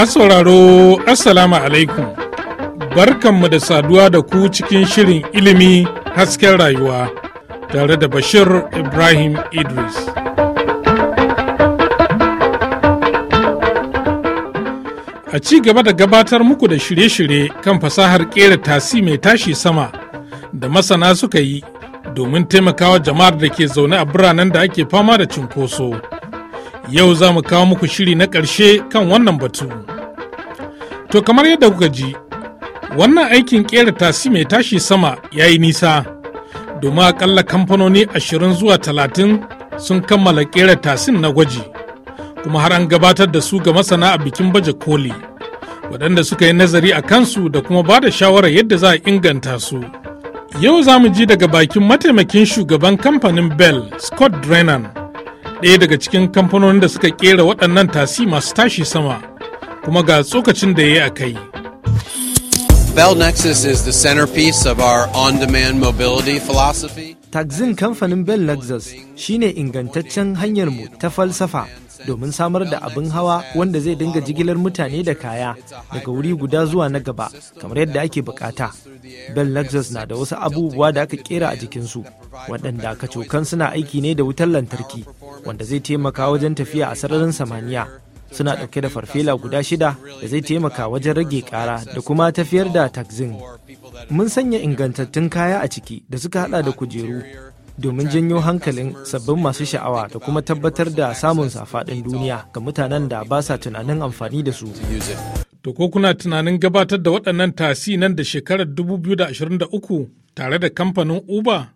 Masu sauraro Assalamu alaikum barkanmu da saduwa da ku cikin shirin ilimi hasken rayuwa tare da Bashir Ibrahim Idris. A ci gaba da gabatar muku da shirye-shirye kan fasahar ƙera tasi mai tashi sama da masana suka yi domin taimakawa jama'ar da ke zaune a biranen da ake fama da cunkoso. Yau za mu kawo muku shiri na ƙarshe kan wannan batu. To kamar yadda kuka ji, wannan aikin ƙera tasi mai tashi sama ya yi nisa, domin akalla kamfanoni ashirin zuwa talatin sun kammala ƙera tasin na gwaji, kuma har an gabatar da su ga masana a bikin baje koli, waɗanda suka yi nazari a kansu da kuma ba da shawarar yadda za a inganta su. Yau za mu ji daga bakin mataimakin shugaban kamfanin Bell, Scott Drennan. ɗaya daga cikin kamfanonin da suka ƙera waɗannan tasi masu tashi sama kuma ga tsokacin da ya yi a kai. Bell Nexus is the centerpiece of our on-demand mobility philosophy. Taxin kamfanin Bell Nexus shine ingantaccen hanyar mu ta falsafa domin samar da abin hawa wanda zai dinga jigilar mutane da kaya daga wuri guda zuwa na gaba kamar yadda ake bukata. Bell Nexus na da wasu abubuwa da aka kera a jikinsu waɗanda kacokan suna aiki ne da wutar lantarki wanda zai taimaka wajen tafiya a sararin samaniya suna ɗauke da farfela guda shida da zai taimaka wajen rage ƙara da kuma tafiyar da taxin mun sanya ingantattun kaya a ciki da suka hada da kujeru domin janyo hankalin sabbin masu sha'awa da kuma tabbatar da samun safaɗin duniya ga mutanen da ba sa tunanin amfani da su to ko kuna tunanin gabatar da waɗannan tasi nan da shekarar 2023 tare da kamfanin uber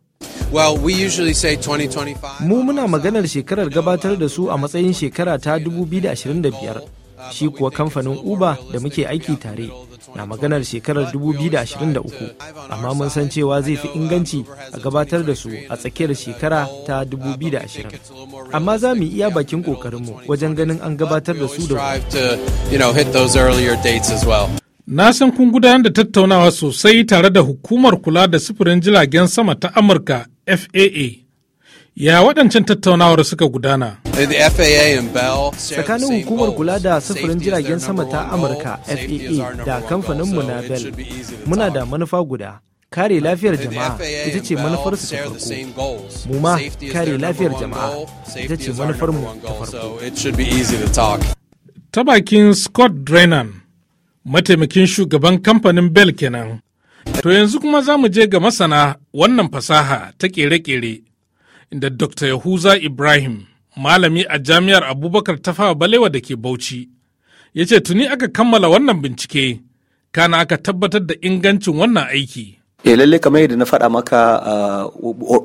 Mu muna maganar shekarar gabatar da su a matsayin shekara ta 2025, shi kuwa kamfanin Uber da muke aiki tare na maganar shekarar 2023, amma mun san cewa zai fi inganci a gabatar da su a tsakiyar shekara ta 2020. Amma za mu iya bakin ƙoƙarinmu wajen ganin an gabatar da su da Na san kun gudanar da tattaunawa sosai tare da hukumar kula da sufurin jiragen sama ta Amurka FAA. Ya waɗancan tattaunawar suka gudana? Tsakanin hukumar kula da sufurin jiragen sama ta Amurka FAA da kamfaninmu na Bell muna da manufa guda. Kare lafiyar jama'a ita ce manufarsu ta farko. Mu ma kare lafiyar jama'a ita ce manufarmu ta farko. Ta bakin Scott Drennan. mataimakin shugaban kamfanin bell kenan to yanzu kuma za mu je ga masana wannan fasaha ta kere-kere inda dr yahuza ibrahim malami a jami'ar abubakar ta fawa balewa da ke bauchi ya ce tuni aka kammala wannan bincike kana aka tabbatar da ingancin wannan aiki eh lalle kamar yadda na faɗa maka ah,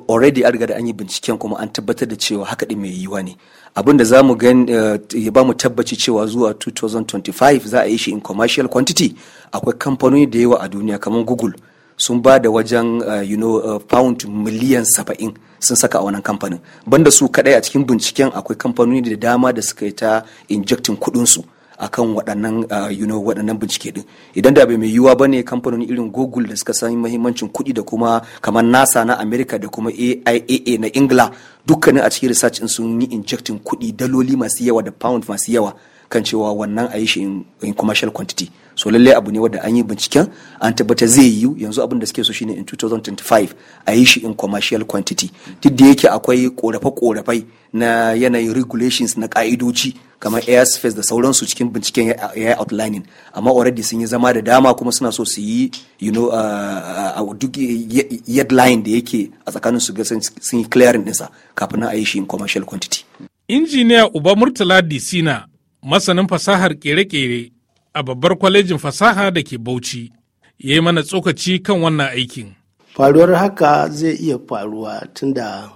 already an riga da an yi binciken kuma an tabbatar da cewa haka ɗin mai yiwuwa ne abin da za mu eh, ya ba mu tabbaci cewa zuwa 2025 za a yi shi in commercial quantity akwai kamfanoni da yawa a duniya kamar google sun ba da wajen eh, you know eh, pound miliyan saba'in sun saka a wannan kamfanin banda su kaɗai a cikin binciken akwai kamfanoni da dama da suka yi ta injecting kuɗinsu su akan waɗannan uh, you know waɗannan bincike din idan da bai mai yiwuwa ba ne kamfanoni irin Google da suka san mahimmancin kuɗi da kuma kamar NASA na America da kuma AIAA na Ingila dukkanin a cikin research sun yi injecting kuɗi daloli masu yawa da pound masu yawa kan cewa wannan a yi shi in commercial quantity so lallai abu ne wanda an yi binciken an tabbata zai yiwu yanzu abin da suke so shine in 2025 a yi shi in commercial quantity duk da yake akwai korafe-korafai na yanayin regulations na ka'idoci kamar airspace da sauransu cikin binciken ya yi outlining amma already sun yi zama da dama kuma suna so su yi you know a uh, uh, uh, duk line da yake a tsakanin su sun yi clearing ɗinsa kafin a yi shi in commercial quantity. injiniya uba murtala disina masanin fasahar kere-kere a babbar kwalejin fasaha da ke Bauchi, ya yi mana tsokaci kan wannan aikin. Faruwar haka zai iya faruwa tunda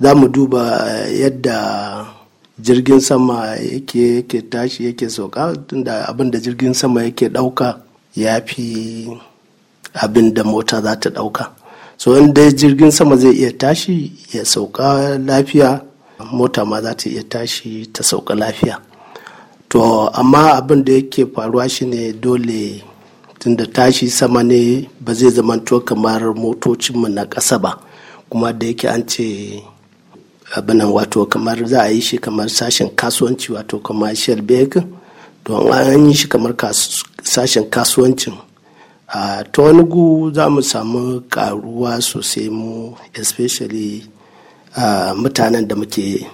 za mu duba eh, yadda jirgin sama yake yake tashi yake sauka tunda abin da jirgin sama yake ɗauka ya fi abin da mota za ta ɗauka. So inda jirgin sama zai iya tashi ya sauka lafiya, mota ma za ta iya tashi ta sauka lafiya. to amma abin da yake faruwa shine dole tunda tashi sama ne ba zai zamanto kamar motocinmu na ƙasa ba kuma da yake an ce abinan wato kamar za a yi shi kamar sashen kasuwanci wato commercial bag don an yi shi kamar sashen kasuwancin ta wani gu za mu samu karuwa sosai mu especially mutanen da muke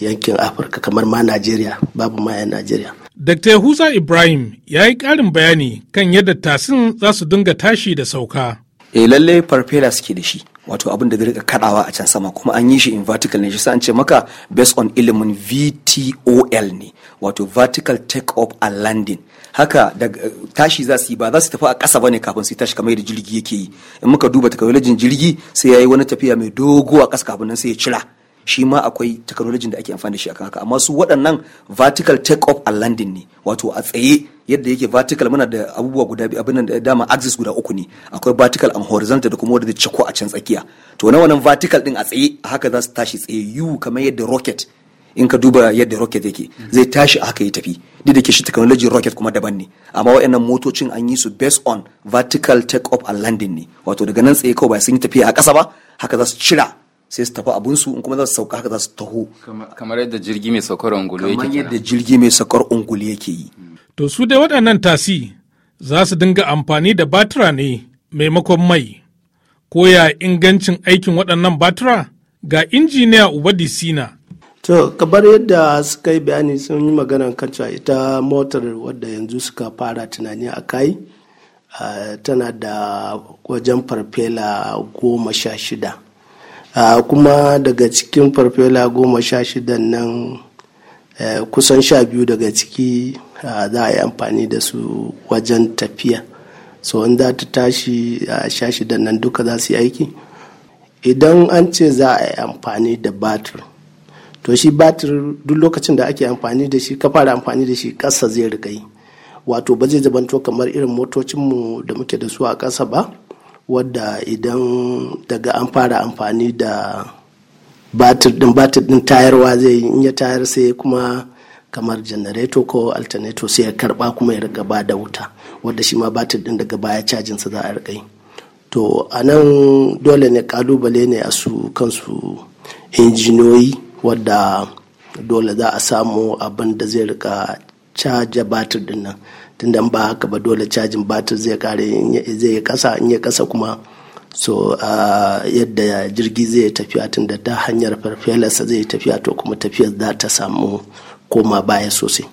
yankin afirka kamar ma najeriya babu ma 'yan najeriya Dr. Husa Ibrahim ya yi karin bayani kan yadda tasin za su dinga tashi da sauka. Eh lallai farfela suke da shi, wato abin da rika kadawa a can sama kuma an yi shi in vertical ne shi sa an ce maka based on ilimin VTOL ne, wato vertical take off and landing. Haka da tashi za su yi ba za su tafi a ƙasa bane kafin su tashi kamar yadda jirgi yake yi. In muka duba takawalajin jirgi sai ya yi wani tafiya mai dogo a ƙasa kafin nan sai ya cira. shi ma akwai technology da ake amfani da shi akan haka amma su waɗannan vertical take off a landing ne wato a tsaye yadda yake vertical muna da abubuwa guda biyu abin da dama axis guda uku ne akwai vertical and horizontal da kuma wanda zai a can tsakiya to na wannan vertical din a tsaye haka za su tashi tsaye yu kamar yadda rocket in ka duba yadda rocket yake zai tashi a haka ya tafi duk da ke shi technology rocket kuma daban ne amma waɗannan motocin an yi su based on vertical take off and landing ne wato daga nan tsaye kawai ba sun yi tafiya a ƙasa ba haka za su cira sai su tafi abinsu in kuma za su sauka haka za su taho kamar yadda jirgi mai saukar ungulu yake kamar yadda jirgi mai saukar ungulu yake yi mm. to su dai waɗannan tasi za su dinga amfani da batira ne maimakon mai ko ya ingancin aikin waɗannan batira ga injiniya ubadi sina to kamar yadda suka yi bayani sun yi maganar kacwa ita motar wadda yanzu suka fara tunani a kai ah, tana da wajen farfela goma sha shida Ah, kuma daga cikin farfela goma sha shidan nan eh, kusan sha biyu daga ciki ah, za a yi amfani da su wajen tafiya so in za ta tashi a ah, sha shidan nan duka za su yi aiki idan an ce za a yi amfani da batir to shi batir duk lokacin da ake amfani da shi ka fara amfani da shi ƙasa zai rika yi wato ba zai zabanto kamar irin motocinmu da muke da su a ƙasa ba wadda idan daga an fara amfani da batir din batir din tayarwa zai yi in ya tayar sai kuma kamar janareto ko alternator sai ya karba kuma ya riga ba da wuta wadda shi ma batir din daga baya cajin sa za a riga yi to a nan dole ne kalubale ne a su kansu injiniyoyi wadda dole za a samu abin da zai riga caja batir din nan tunda ba haka ba dole cajin batir zai kare zai kasa in ya kasa kuma so uh, yadda jirgi zai tafiya tunda ta hanyar farfelarsa zai tafiya to kuma tafiyar za ta samu koma baya sosai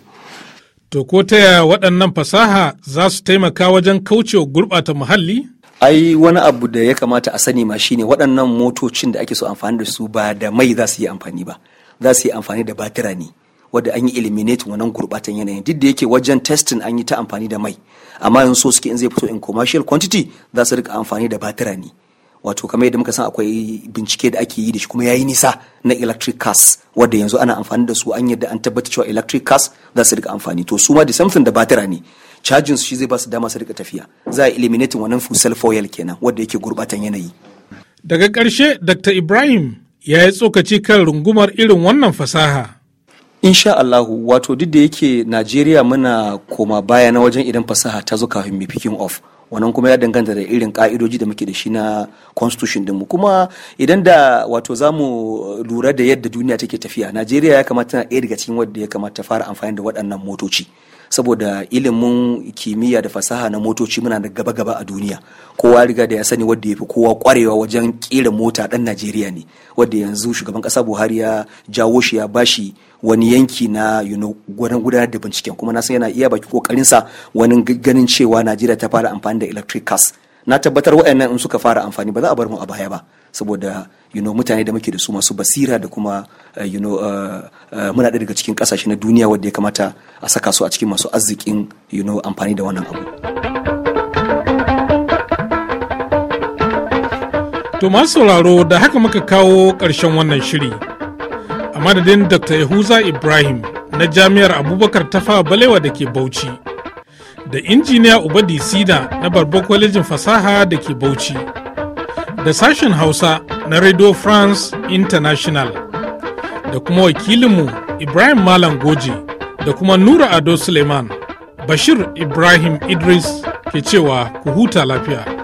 to ko ta yaya waɗannan fasaha za su taimaka wajen kaucewa gurɓata muhalli ai wani abu da ya kamata a sani ma shine waɗannan motocin da ake so amfani da su ba da mai za su yi amfani ba za su yi amfani da batira ne wadda an yi eliminate wannan gurbatan yanayin duk da yake wajen testing an yi ta amfani da mai amma yanzu so suke in zai fito in commercial quantity za su rika amfani da batira ne wato kamar yadda muka san akwai bincike da ake yi da shi kuma yayi nisa na electric cars wadda yanzu ana amfani da su an yadda an tabbata cewa electric cars za su rika amfani to su ma da something da batira ne cajin su shi zai ba su dama su rika tafiya za a eliminate wannan fusel foil kenan wadda yake gurbatan yanayi daga ƙarshe dr ibrahim ya yi tsokaci kan rungumar irin wannan fasaha insha Allahu wato duk da yake Najeriya muna koma baya na wajen idan fasaha ta zo kafin mu picking off wannan kuma ya danganta da irin ka'idoji da muke da shi na constitution dinmu kuma idan da wato za mu lura da yadda duniya take tafiya najeriya ya kamata na ɗaya daga cikin wadda ya kamata ta fara amfani da waɗannan motoci saboda ilimin kimiyya da fasaha na motoci muna da gaba-gaba a duniya kowa riga da ya sani wadda ya fi kowa kwarewa wajen kera mota dan najeriya ne wadda yanzu shugaban kasa buhari ya jawo shi ya bashi wani yanki na gudanar know, da binciken kuma na san yana iya baki kokarinsa wani ganin cewa najeriya ta fara amfani da electric cars na tabbatar waɗannan in suka fara amfani ba za a bar mu a baya ba saboda you know mutane da muke da su masu basira da kuma uh, you know uh, uh, muna daga cikin kasashe na duniya wanda ya kamata a saka su a cikin masu arzikin you know amfani da wannan abu to masu sauraro da haka muka kawo ƙarshen wannan shiri a madadin dr yahuza ibrahim na jami'ar abubakar tafa balewa da ke bauchi da injiniya ubadi sida na Babbar kwalejin fasaha da ke bauchi da sashen Hausa na Radio France International da kuma wakilinmu Ibrahim Malam Goji da kuma Nura Ado Suleiman Bashir Ibrahim Idris ke cewa ku huta lafiya.